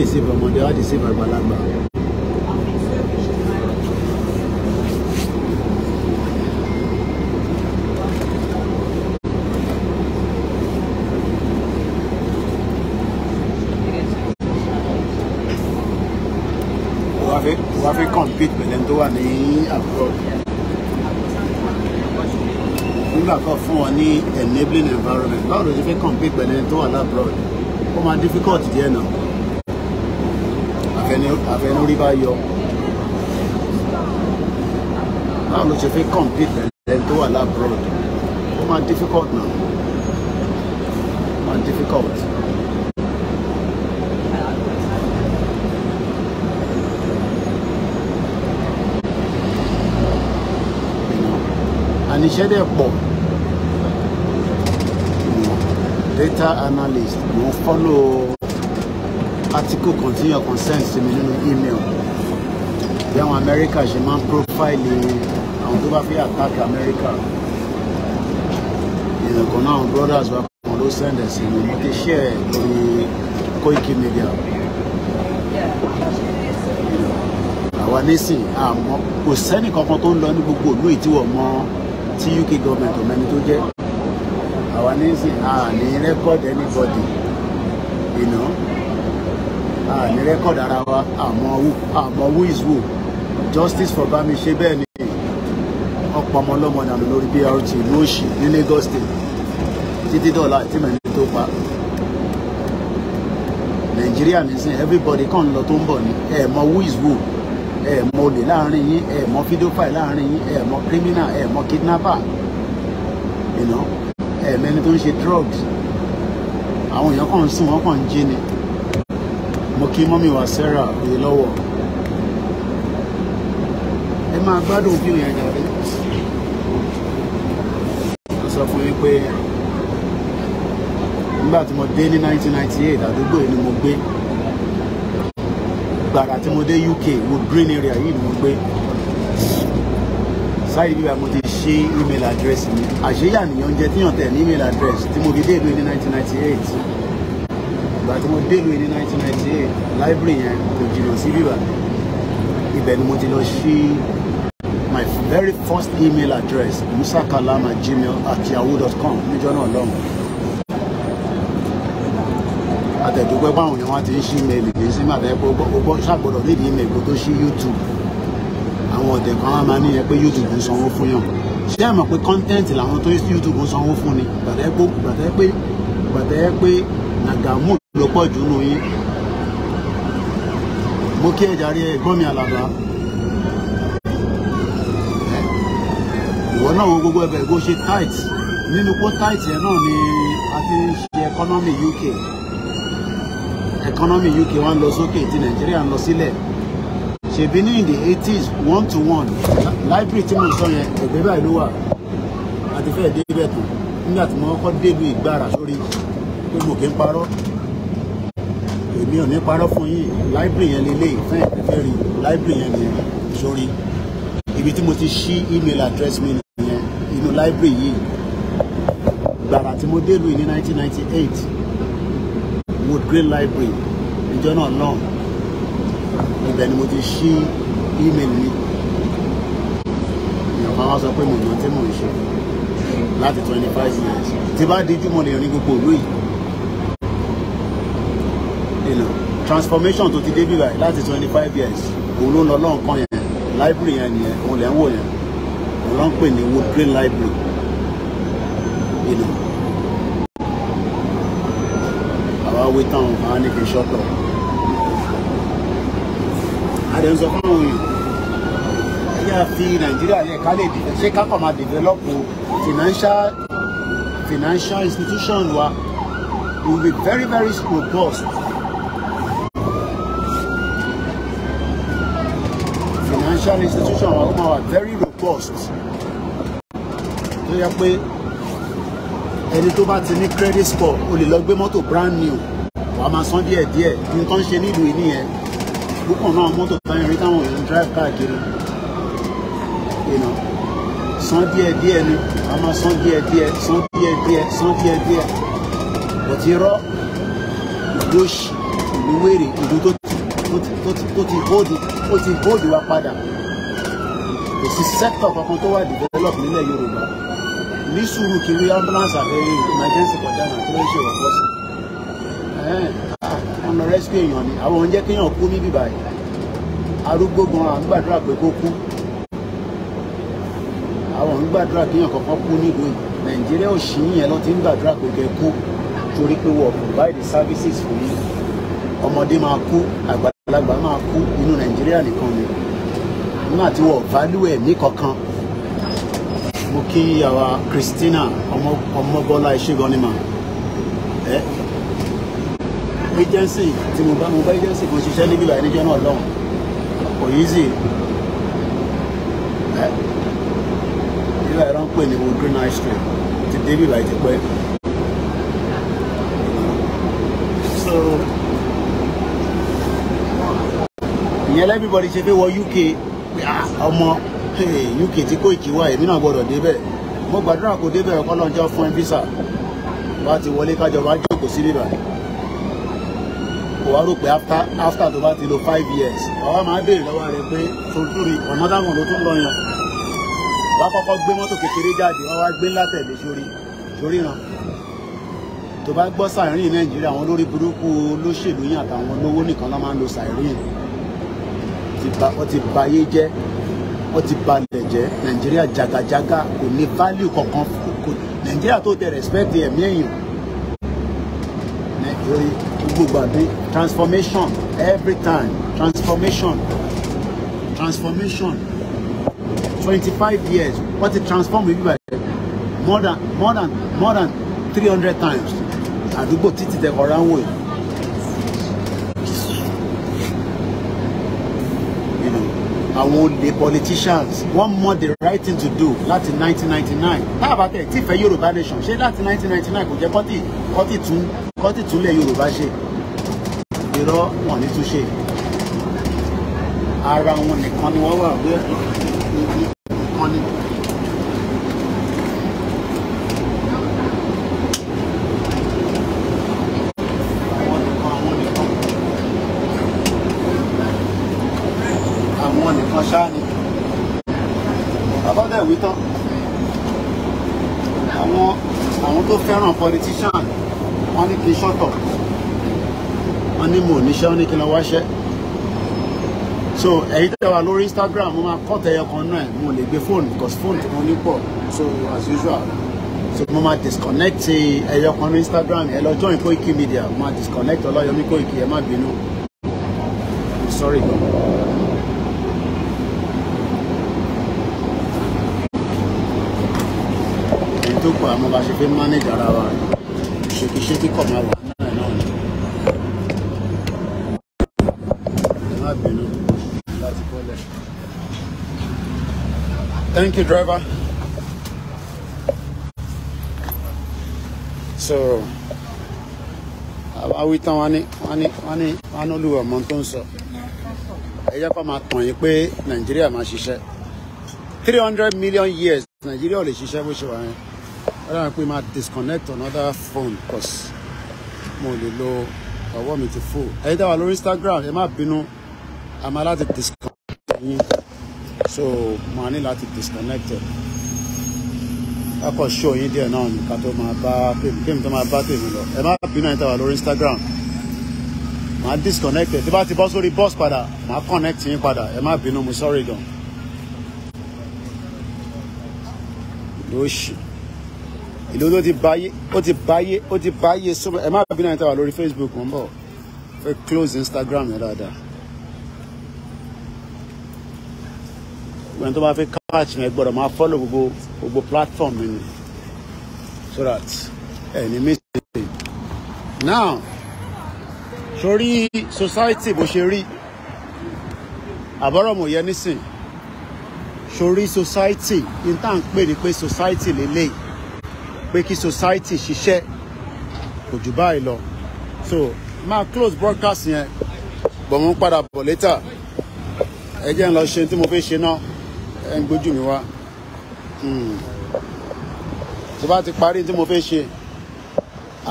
deceive ọmọdé wá deceive àgbàlagbà. wàá fi compete pẹ̀lú ẹni tó wà ní abroad nígbà kan fún wọn enabling environment báwo ló ti fi compete pẹ̀lú ẹni tó wà lábroad ó máa difficult àfẹnúrí bá yọ báwo ló ṣe fi compete pẹ̀lú ẹni tó wà lábroad ó máa difficult náà máa difficult. àníṣẹ́ data analyst mo follow article kan tí yàn consent sí mi nínú email bí àwọn Amẹ́ríkà ṣe máa ń profile àwọn tó bá fi attack America. èèyàn kan náà àwọn brothers wa kan ló send ẹ̀ sí mi mo ti share lórí Koiki Media àwa nísìn àmọ́ kò sẹ́nì kankan tó ń lọ ní gbogbo ìlú ìtiwọ̀ mọ́ tí UK government ọ̀mẹ́ni tó jẹ́ àwa nísìn àní record anybody you know àní rẹ́kọ̀dì ara wa àmọ́ àmọ́ who is who justice for bami ṣe bẹ́ẹ̀ ni ọ̀pọ̀ ọmọ ọlọ́mọ nàlọ́ lórí BRT ìlú òsì ní Lagos State títí dọ̀la tí mẹ́rin tó pa nàìjíríà nísìn everybody kàn lọ tó ń bọ̀ ni ẹ mọ who is who ẹ mọ olè láàrin yín ẹ mọ fídíòfàì láàrin yín ẹ mọ criminal ẹ mọ kidnapper ẹ mẹni tó ń ṣe drugs àwọn èèyàn kàn ń sùn wọn kàn ń jí ni mo kí mọ́mì wa Sarah lè lọ́wọ́ ẹ máa gbádùn bí ìrìn àjà rẹ mo sọ fún yín pé nígbà tí mo dé ní 1998 àdúgbò yìí ni mo gbé gbàrà tí mo dé UK wo green area yìí ni mo gbé sáyé bíbá mo ti ṣe email address mi àṣeyà nìyànjẹ tíyàn tẹ̀ ní email address tí mo fi dé ìlú ní 1998 ìgbà tí mo délùú ní 1998 library yẹn kò jìnnà sí bíbá ibẹ̀ ni mo ti lọ sí my very first email address at musakalam@gmail@yahoo.com níjọ́ náà lọ́hùn àtẹ̀dúgbẹ́ báwọn ni wọ́n ti ń ṣí email kì í sí màbẹ́ gbọ́ ṣàgbọ́dọ̀ nídìí email kó tó ṣí YouTube àwọn ọ̀dẹ̀ kan á máa ní yẹn pé YouTube ń sanwó fún yàn ṣé àmọ̀ pé content làwọn tó ń YouTube ń sanwó fún ni gbàtẹ́ pé gbàtẹ́ pé gbàtẹ́ pé Nagamu ló pọ̀ jù nù yín mo kí ẹ jàre ẹ̀gbọ́n mi àlàbà ìwọ náà wo gbogbo ẹbẹ̀ bó ṣe tight nínú pó tight yẹn náà ni a fi ń ṣe economy UK economy UK wá ń lọ sókè tí Nàìjíríà ń lọ sílẹ̀ ṣèbí ní in the eighties one to one library tí mo sọ yẹn ẹgbẹ́ báyìí ló wà àti fẹ́ẹ̀ dé ibẹ̀ tán nígbà tí mo kọ́kọ́ débi ìgbára sórí pé mo kì í parọ́ èmi ò ní parọ́ fún yín láìbírì yẹn lélẹ̀ fún ìpínfẹ́ rí láìbírì yẹn nìyẹn sórí ibi tí mo ti ṣí email address mi nìyẹn inú láìbírì yìí gbàrà tí mo délùú ní 1998 Wood Green Library ìjọ náà náà ibẹ̀ ni mo ti ṣí email mi èèyàn kan wá sọ pé mo yàn tí mò ń ṣe láti 25 years tí bá díjú mo lè rìn gbogbo ìlú yìí library transformation to ti débi báyìí láti twenty five years òun ló ń lọ lọ́nkàn yẹn library yẹn nìyẹn òun lẹ́ ń wò yẹn òun ló ń wood green library. You know. àwa wí tán àwọn ní kí n ṣọ́tọ̀ àdéhùn sọ fún àwọn èèyàn nàìjíríà fi nàìjíríà lè ká lè ṣe kápá máa dìvẹ́lọ́pù financial financial institution wa will be very very robust financial institution are very robust tó yẹ pé ẹni tó bá ti ní credit score o lè lọ gbé mọ́tò brand new wàá máa san díẹ̀ díẹ̀ ní tó ń ṣe nílùú yìí nìyẹn púpọ̀ náà mọ́tò táyà rí táwọn èèyàn drive káàkiri san díẹ̀ díẹ̀ ni wàá máa san díẹ̀ díẹ̀ san díẹ̀ díẹ̀ san díẹ̀ díẹ̀ kò ti ìlú òṣì ìlú wèrè ìlú tó tó ti hold ó ti hold wa padà kò sí sector kankan tó wà develop nílẹ̀ Yorùbá ní sùúrù kiri ambulance àbẹ̀rẹ̀ emergency kọjá náà tó ń ṣe ọ̀pọ̀ sí ah, ọ̀nà rescue èèyàn ni àwọn oúnjẹ kéèyàn kú níbí báyìí arúgbó gan à ń gbàdúrà pé kó kú àwọn ń gbàdúrà kéèyàn kankan kú nílùú yìí Nàìjíríà ò sí yẹn lọ ti ń gbàdúrà pé kẹ kú torí pé wọ́n provide services fún yín ọmọdé máa kú àgbà àgbàlagbà máa kú inú nàìjíríà nìkan ni nígbà tí wọ́n value ẹ̀mí kankan mo kí yàrá Christina ọmọbọlá ìṣègùnìmọ̀ ẹ agency tí mo bá mo bá agency kan ṣiṣẹ́ níbí báyìí níjọ́ náà lọ́hùn kò easy ẹ nígbà yẹn ló ń pè ní wo green high ti débì báyìí ìyẹn lẹ́bíbọ̀dì ṣe fẹ́ wọ UK pé ah, ọmọ UK tí kò ìkí wá èmi náà gbọ́dọ̀ débẹ̀ mo gbàdúrà kó débẹ̀ ọkọ náà jọ fún ẹ físà bá ti wọlé kájọba jókòó sí bíbà kò wá rò pé after tó bá ti lò five years ọwọ́ máa béèrè lọ́wọ́ rẹ pé tontúri ọ̀nà dáhùn ló tún lọ yàn wá kọ́kọ́ gbé mọ́tò kékeré jáde wá wá gbé ńlá tẹ̀lé sórí sórí ràn tó bá gbọ́ sàárín nàìjíríà àwọn olórí burúkú olóṣèlú yàn àtàwọn olówó nìkan ló máa ń lo sàárín wọ́n ti ba jẹ́ wọ́n ti ba jẹ́ nàìjíríà jagajaga kò ní value kankan kò nàìjíríà tó tẹ respect ẹ̀mí èèyàn gbogbo gbàgbé transformation every time transformation transformation twenty five years wọ́n ti transform ibi bàjẹ́ more than more than more than three hundred times àdúgbò títí tẹ̀kọ̀rọ̀ àwọn èèyàn. àwọn olè politicians wọ́n mọ the right thing to do láti 1999 táàbà tẹ̀ tí fẹ́ yorùbá nation ṣé láti 1999 kò jẹ́ kọ́tì kọ́tì tún kọ́tì túnlẹ̀ yorùbá ṣe irọ́ wọn ní túnṣe ara wọn nìkan ni wọ́n wà wíwẹ́. wọn ṣáá ni bàbá dẹ̀ wí tán àwọn àwọn tó fẹ́ràn politician wọ́n ní kí n ṣọ́tọ̀ wọ́n ní mò níṣẹ́ wọ́n ní kí lọ wáṣẹ́ so èyí tẹ́ wà lórí Instagram mo máa cut ẹyọ kan náà mo lè gbé fóònù because fóònù tí mo ní pọ̀ so as usual so mo máa disconnect ẹyọ kan ní Instagram ẹ lọ join Koiki Media mo máa disconnect Ọláyọmí Koiki ẹ má bínú I'm sorry. kù àmọ́ bá ṣe fi manage ara wa ṣèkíṣẹ́kí kọ̀ máa wà náà ni. má bínú láti bọ́lẹ̀. Thank you driver. So àwáwí tán wá ní wá ní wá ní wá ní olúwa ọmọ tó ń sọ ẹ jẹ́ kó máa tàn yín pé nàìjíríà máa ṣiṣẹ́ three hundred million years nàìjíríà ò lè ṣiṣẹ́ bó ṣe wà yẹn ọ̀dà mi pé máa disconnect another phone cause mo lè lo ọwọ́ mi ti full ẹ̀yin tá lórí Instagram ẹ má bínú a máa láti disconnect yín so màá ní láti disconnect ẹ̀ akọ ṣó yín díẹ̀ náà nìkan tó máa bá kéèmí tó máa bá tèmi lọ ẹ má bínú ẹ̀yin tá lórí Instagram màá disconnect ẹ̀ tí bá ti bọ́ sórí bus padà màá connect yín padà ẹ má bínú mo sorry gan. shit ìlú tó ti báyé ó ti báyé ó ti báyé sọ́bẹ̀ ẹ má bínú àyíká wà lórí Facebook ń bọ̀ fẹ́ close Instagram yẹn dáadáa. ẹni tó bá fẹ́ catch yẹn gbọ́dọ̀ máa follow gbogbo gbogbo platform mi ni so that ẹ ní mí ṣe. now sórí society bó ṣe rí àbọ̀rọ̀mọ̀ yẹn nísìn sórí society ní tá à ń pè ní pé society lélẹ́yìí pé kí society ṣiṣẹ́ kò jù báyìí lọ so máa close broadcast yẹn bọ̀ wọ́n padà bọ̀ later ẹ jẹ́ ń lọ ṣe tí mo fẹ́ ṣe náà ẹ ń gbójú mi wá hmm. tí bá ti parí tí mo fẹ́ ṣe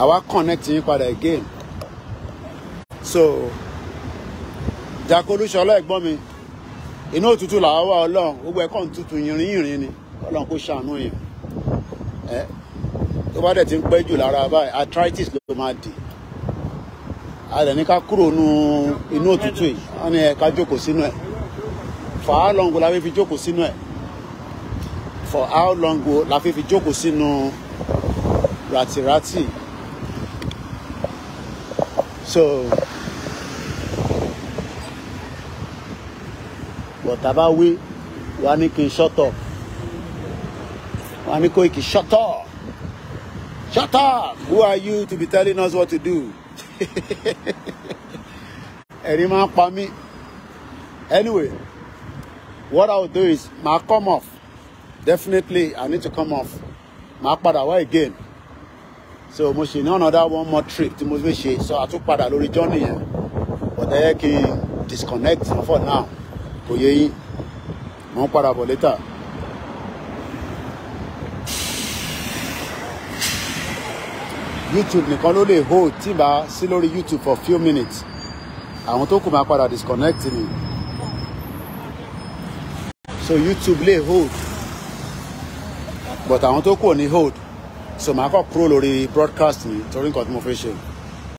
àwa connect yín padà again so Jàkó Olúṣọlá ẹ̀gbọ́n mi inú òtútù làwa wà ọlọ́run gbogbo ẹ̀kọ́ ń tutù yìnrìn yìnrìn ni ọlọ́run kò ṣàánú yẹn tó bá dẹ̀ ti ń pẹ́ jù lára báyìí arthritis ló máa dì a dẹ̀ ní ká kúrò nu inú òtútù yìí wọ́n ní ká jókòó sínú ẹ̀ for how long la fi fi jókòó sínú ẹ̀ for how long la fi fi jókòó sínú ràtìràtì so bọ̀tà bá wí wà ní kí n shut up wà ní kó ìkì shut up. Shut up! Who are you to be telling us what to do? Anyway, what I'll do is, I'll come off. Definitely, I need to come off. I'll come wá again. So mo ṣe another one more trip to mo fi ṣe. So àtún padà lórí journey But I can disconnect for now. Kò come back later. youtube nìkan ló lè hold tí n sí lórí youtube for few minutes àwọn tó kù máa padà disconnect mi so youtube lè hold but àwọn tó kù ò ní hold so màá kọ́ kúrò lórí broadcast mi torí nǹkan tí mo fẹ́ ṣe.